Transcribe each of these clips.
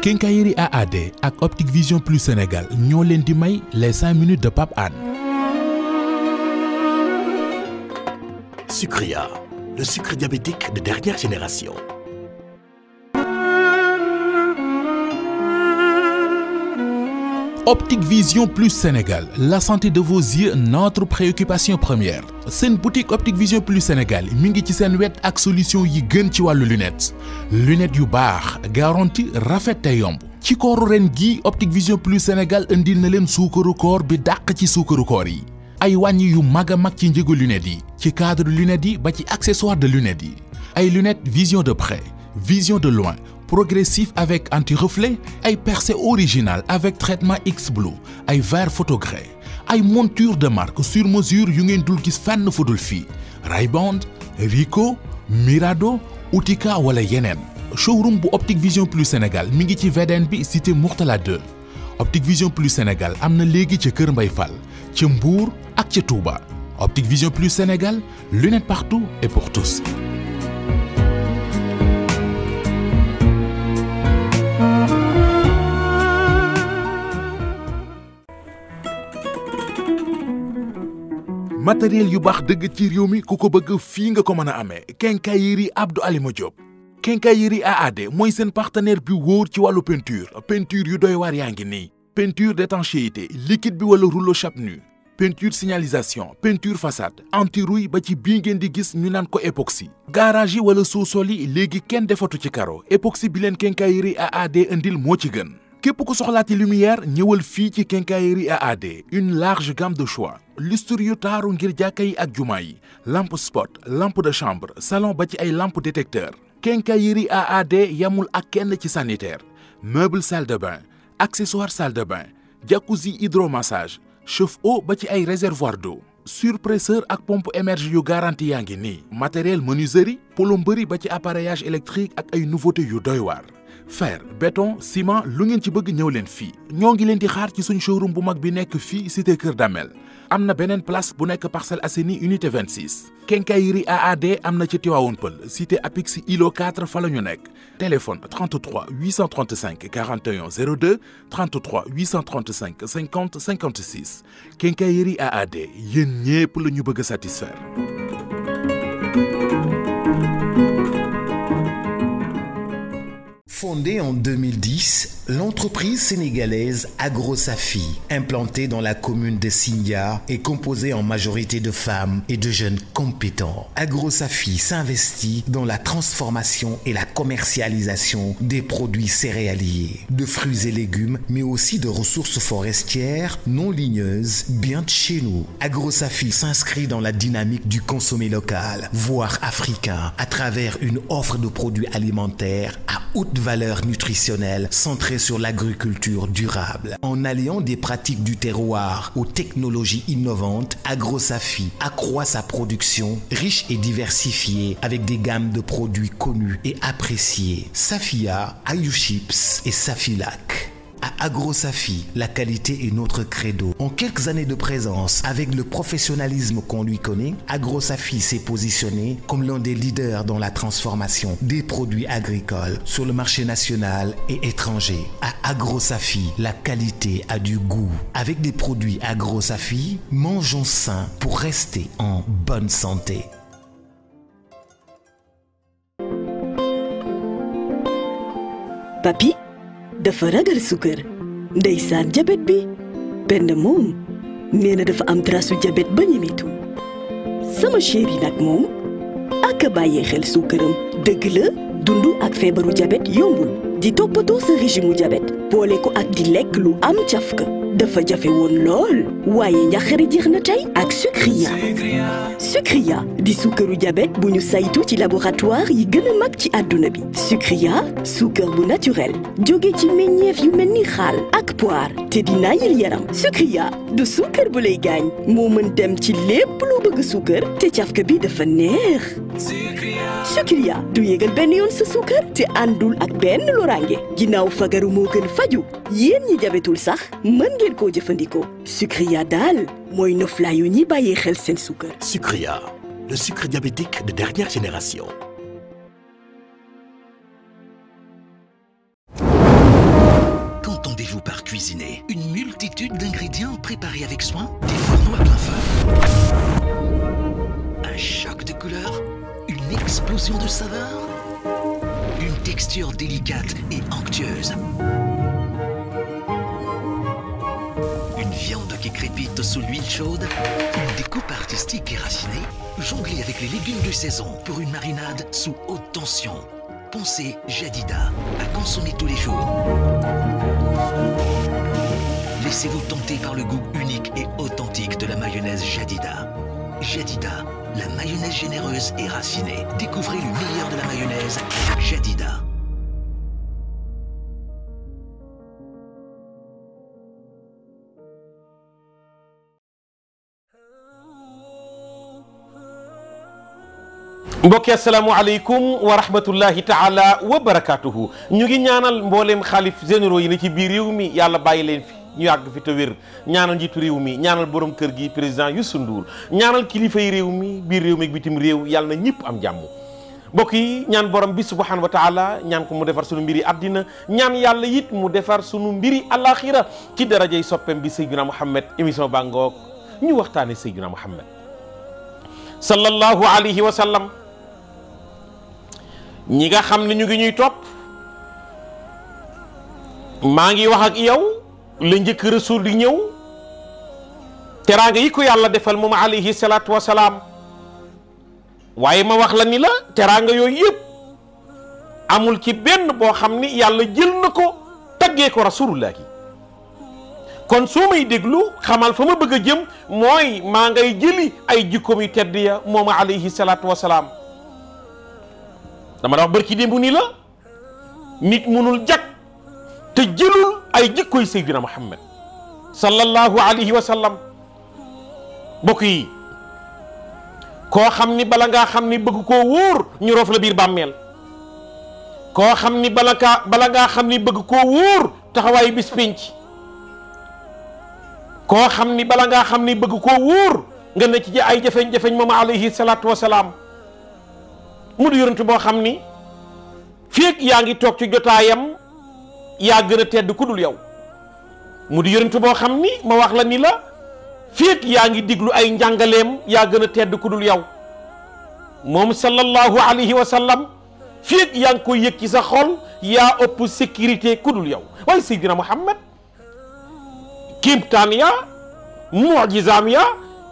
Quincaillerie AAD ak Optique Vision Plus Sénégal ñoo leen di may les 5 minutes de Pape Hann. Sucria, le sucre diabétique de dernière génération. Optique Vision Plus Sénégal, la santé de vos yeux, notre préoccupation première. seen boutique Optique Vision Plus Sénégal mi ngi ci seen wet ak solution yi gën ci wàllu lunette lunette yu baax garantie rafet te yomb ci kooru ren gi Optique Vision Plus Sénégal indi na leen suukaru koor bi dàq ci suukaru koor yi ay wàññi yu mag a mag ci njëgu lunette yi ci cadre lunette yi ba ci accessoire de lunette yi ay lunette vision de près vision de loin progressif avec anti-reflet ay percé original avec traitement X-Blue ay verre photogré ay monture de marque sur mesure yu ngeen dul gis fenn fudul fii Rayband Ricoh Mirado Utica wala yeneen showroom bu Optique Vision Plus Sénégal mi ngi ci VDN bi cité Mourtala 2 Optique Vision Plus Sénégal am na léegi ci Kër Mbay fal ci Mbour ak ca Touba Optique Vision Plus Sénégal lunettes partout et pour tous matériel yu baax dëgg ci réew mi ku ko bëgg fii nga ko mën a amee quincaillerie Abdou Alima Diop quincaillerie AAD mooy seen partenaire bi wóor ci wàllu peinture peinture yu doy waar yaa ngi nii peinture d'étanchéité liquide bi wala rouleau chapnu peinture signalisation peinture façade anti-rouille ba ci bii ngeen di gis ñu naan ko époxy garage yi wala sous-sol yi léegi kenn defatu ci karo époxy bi leen quincaillerie AAD indil moo ci gën képp ku soxlaati lumière ñëwal fii ci quincaillerie AAD une large gamme de choix lustre yu taaru ngir jàkka yi ak jumaa yi lamp spot lampe de chambre salon ba ci ay lampe détecteur quincaillerie AAD yamul ak kenn ci sanitaire meuble salle de bain accessoire salle de bain jacuzzi hydromassage chauffe o ba ci ay réservoir d'eau surpresseur ak pompe émerge yu garanti yaa ngi nii matériel menuiserie plomberie ba ci appareillage électrique ak ay nouveauté yu doy fer béton ciment lu ngeen ci bëgg ñëw leen fii ñoo ngi leen di xaar ci suñu showroom bu mag bi nekk fii cité Kër Damel am na beneen place bu nekk Parcelles Assainies unité 26. quincaillerie AAD am na ci Tivaouane Peulh cité Apix ILO 4 fa la ñu nekk téléphone 33 835 41 02 33 835 50 56 quincaillerie AAD yéen ñépp la ñu bëgg a satisfaire. Fondée en 2010, L'entreprise sénégalaise AgroSafi, implantée dans la commune de Signa, est composée en majorité de femmes et de jeunes compétents. AgroSafi s'investit dans la transformation et la commercialisation des produits céréaliers, de fruits et légumes, mais aussi de ressources forestières non ligneuses bien de chez nous. AgroSafi s'inscrit dans la dynamique du consommer local, voire africain, à travers une offre de produits alimentaires à haute valeur nutritionnelle sur l'agriculture durable. En alliant des pratiques du terroir aux technologies innovantes, Agrosafi accroît sa production riche et diversifiée avec des gammes de produits connus et appréciés. Safia, Ayuships et Safilac. à AgroSafi, la qualité est notre credo. En quelques années de présence, avec le professionnalisme qu'on lui connaît, AgroSafi s'est positionné comme l'un des leaders dans la transformation des produits agricoles sur le marché national et étranger. À AgroSafi, la qualité a du goût. Avec des produits AgroSafi, mangeons sain pour rester en bonne santé. dafa ragal sukkër ndeysaan jabet bi pend moom nee dafa am trasu jabet ba ñemetu sama chéri nag moom ak bàyyee xel sukkëram dëgg la dund ak feebaru jabet yombul di toppatoo sa régime u jabet boole ko ak di lekk lu am cafka dafa jafe woon lool waaye njaqare jeex na tey ak sucria sucria di suukaru diabète bu ñu saytu ci laboratoire yi gën a mag ci àdduna bi sucria suukar bu naturel jóge ci meññeef yu mel ni xaal ak poire te di naayil yaram sucria du suukar bu lay gaañ moo mën dem ci lépp lu bëgg suukar te cafka bi dafa neex sucria du yéegal benn yoon sa suukar te àndul ak benn loraange ginnaaw fagaru moo gën faju yéen ñi jabetul sax mën ngeen koo jëfandikoo sucria daal mooy noflaayu ñi bàyyee xel seen suukar sucria le sucre diabétique de dernière génération Qu'entendez-vous par cuisiner une multitude d'ingrédients préparés avec soin des fourneaux à un choc de couleurs une explosion de saveurs, une texture délicate et onctueuse, une viande qui crépite sous l'huile chaude, une découpe artistique et racinée, jonglée avec les légumes de saison pour une marinade sous haute tension. Pensez Jadida, à consommer tous les jours. Laissez-vous tenter par le goût unique et authentique de la mayonnaise Jadida. Jadida, la mayonnaise généreuse et racinée. Découvrez le meilleur de la mayonnaise Jadida. mbokki asalaamaaleykum wa rahmatullahi taala wa barakaatuhu ñu ngi ñaanal mboolem xalif généraux yi ne ci biir réew mi yàlla bàyyi leen ñu yàgg fi te wér ñaanal njiitu réew mi ñaanal boroom kër gi président Youssou Ndour ñaanal kilifa yi réew mi biir réew mi ak bitim réew yàlla na ñëpp am jàmm mbokk yi ñaan boroom bi subhanahu wa taala ñaan ko mu defar sunu mbiri àddina ñaan yàlla yit mu defar sunu mbiri alaxira ci darajay soppeem bi Seydina Mouhamed émission baa ñu waxtaane Seydina Mouhamed sallallahu alayhi wa sallam ñi nga xam ne ñu ngi ñuy topp maa ngi wax ak yow la njëkk rasul di ñëw teraanga yi ko yàlla defal moom alayhi salaatu wa salaam waaye ma wax la ni la teraanga yooyu yépp amul ci benn boo xam ni yàlla jël na ko taggee ko rasulullah kon soo may déglu xamal fa ma bëgg a jëm mooy maa ngay jëli ay jikkoom yu tedd ya moom alayhi salaatu wa salaam dama da wax bërki démb nii la nit munul jag te jëlul ay jikkoy Seydina Muhammad sallallahu alayhi wa sallam mbokk yi koo xam ni bala ngaa xam ni bëgg koo wóor ñu la biir bàmmeel koo xam ni bala kaa ngaa xam ni bëgg koo wóor taxawaayu bis koo xam ni bala ngaa xam ni bëgg koo wóor nga ne ci ay jafeñ-jafeñ moom alayhi salaatu wa mu di yonent boo xam ni feeg yaa ngi toog ci jotaayam yaa gën a tedd ku yow mu di yonentu boo xam ni ma wax la ni la féeg yaa ngi diglu ay njàngaleem yaa gën a tedd ku yow moom sallallahu alayhi wa sallam féeg yaa ngi koy yëg ci sa xol yaa ëpp sécurité ku dul yow waaye Seydina Muhammad kiimtaan ya mujizaam ya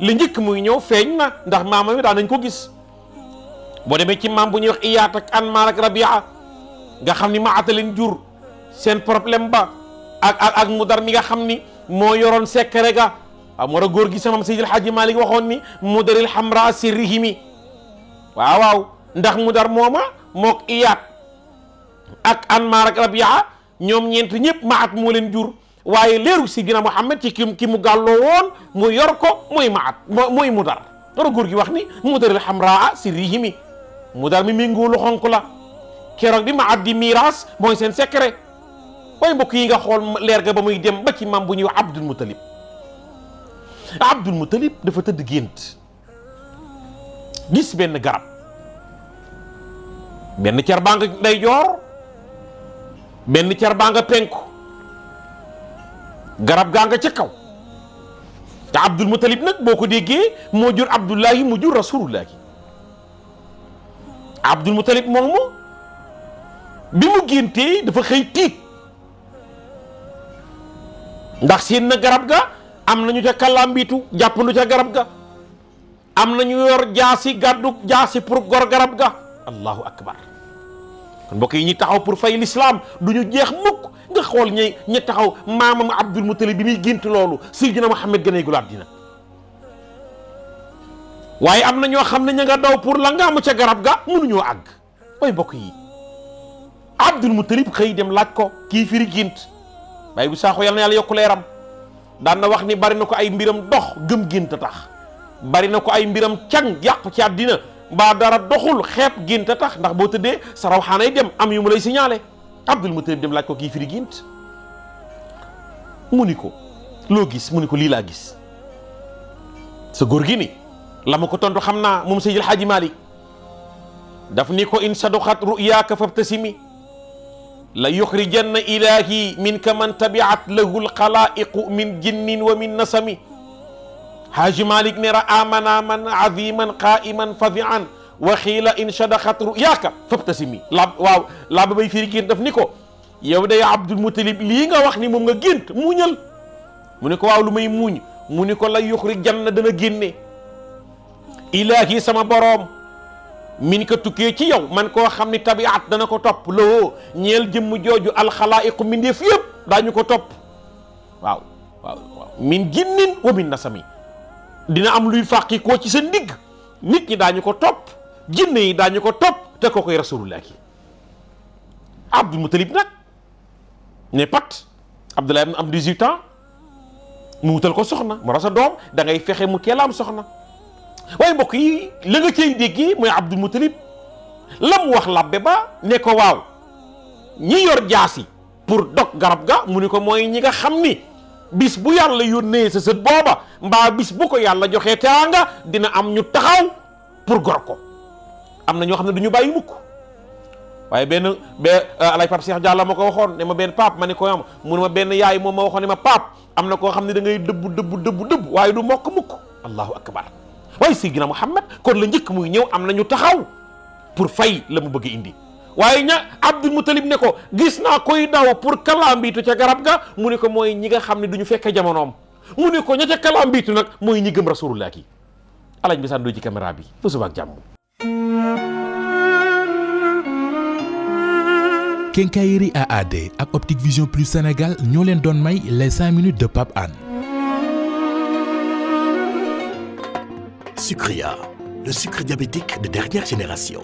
li njëkk muy ñëw feeñ na ndax maama yi daan nañ ko gis boo demee ci maam bu ñuy wax iyaat ak anmaar ak rabia nga xam ni ma ata leen jur seen problème ba ak ak ak mu dar mi nga xam ni moo yoroon secret ga waaw moo a góor gi sama Seydil Hadji waxoon ni mu daril xamra sirrihimi waaw waaw mudar mooma mook iyaat ak Anmaar ak Rabia ñoom ñeent ñëpp maat moo leen jur waaye leeru Seydina Muhammad ci ki ki mu gàlloo woon mu yor ko mooy ma at mu dar war a góor gi wax ni mu daril xamraa sirrihimi mu dar mi mi nguulu xonk la keroog bi maat di miiras mooy seen secret waaye mbokk yi nga xool leer nga ba muy dem ba ci maam bu ñuy wax Abdul Muttalib Abdul Muttalib dafa tëdd gént gis benn garab benn cer baa nga day joor benn car baa nga penku garab gaa nga ca kaw te Abdul Muttalib nag boo ko déggee moo jur Abdullahi mu jur Rasulullahi Abdul Muttalib moom mu bi mu géntee dafa xëy tiit ndax siin na garab ga am nañu ca kàllaambiitu jàppandu ca garab ga am nañu yor jaasi gàddu jaasi pour gor garab ga allahu akbar kon mbokk yi ñi taxaw pour fay l'islam du ñu jeex mukk nga xool ñi ñi taxaw maamam Abdul Muttalib bi muy gént loolu Seydina Muhammad gën ay gul àddina waaye am na ñoo xam ne ña daw pour la nga amu ca garab ga mënuñoo àgg mooy mbokk yi Abdul Muttalib xëy dem laaj ko kii firi gént bàyyi bu saaxu yal na yàlla yokk leeram daan na wax ni bari na ko ay mbiram dox gëm gént tax bari na ko ay mbiram cang yàqu ci àddina mbaa dara doxul xeeb gént tax ndax boo tëddee sa rawxaanay dem am yu mu lay signalé Abdul Mutalib dem laaj ko kii firi gént mu ni ko loo gis mu ni ko lii laa gis sa góor gi ni la ma ko tontu xam naa moom Seydil Hadji Malick daf ni ko in sadoxat ruyaaka fabtasimi la yuxrijanna ilahi min ka man tabiat lahu lxalaiqu min jinnin wa min nasami haaji malik ne ra'a manaman aziman qaiman fazian wa xiila in shadaxat ruyaaka fabtasimi lab waaw laaba bay firi gént daf ni ko yow day abdul mutalib lii nga wax ni moom nga gént muuñal mu ni ko waaw lu may muuñ mu ni ko la yuxrijanna dana génne ilahi sama boroom min ko tukkee ci yow man koo xam ni tabiat dana ko topp loo ñeel jëmm jooju alxalaayiqu mbindeef yëpp daañu ko topp waaw waaw waaw min jinnin wa min nasami dina am luy fàqi koo ci sa ndigg nit ñi daañu ko topp jinne yi daañu ko topp te koo koy rasulullah ki abdul mutalib nag ne pat abdoulaye am 18 ans mu wutal ko soxna mu rasa doom da ngay fexe mu teel am soxna waaye mbokk yi la nga cay dégg mooy Abdul Mutalib la mu wax labbe ba ne ko waaw ñi yor jaasi pour dog garab ga mu ni ko mooy ñi nga xam ni bis bu yàlla yónnee sa sët booba mbaa bis bu ko yàlla joxee teraanga dina am ñu taxaw pour gor ko am na ñoo xam ne du ñu bàyyi mukk waaye benn be euh, alay Pape Cheikh Diallo ma ko waxoon ne ma benn pape ma ne ko am mu ne ma benn yaay moom ma waxoon ne ma pape am na koo xam ne da ngay dëbb dëbb dëbb dëbb waaye du mokk mukk allahu akbar waaye Seydina Muhammad kon la njëkk muy ñëw am na ñu taxaw pour fay la mu bëgg indi waaye ña Abdul Mutalib ne ko gis naa koy daw pour kalambiitu ca garab ga mu ne ko mooy ñi nga xam ne du ñu fekke jamonoom mu ne ko ña ca kalambiitu nag mooy ñi gëm rasulullah ki alañ bi sàndoo ci caméra bi ba suba ak jàmm Quincaillerie d ak Optique Vision Plus Sénégal ñoo leen doon may les 5 minutes de Pape Hann Sucria, le sucre diabétique de dernière génération.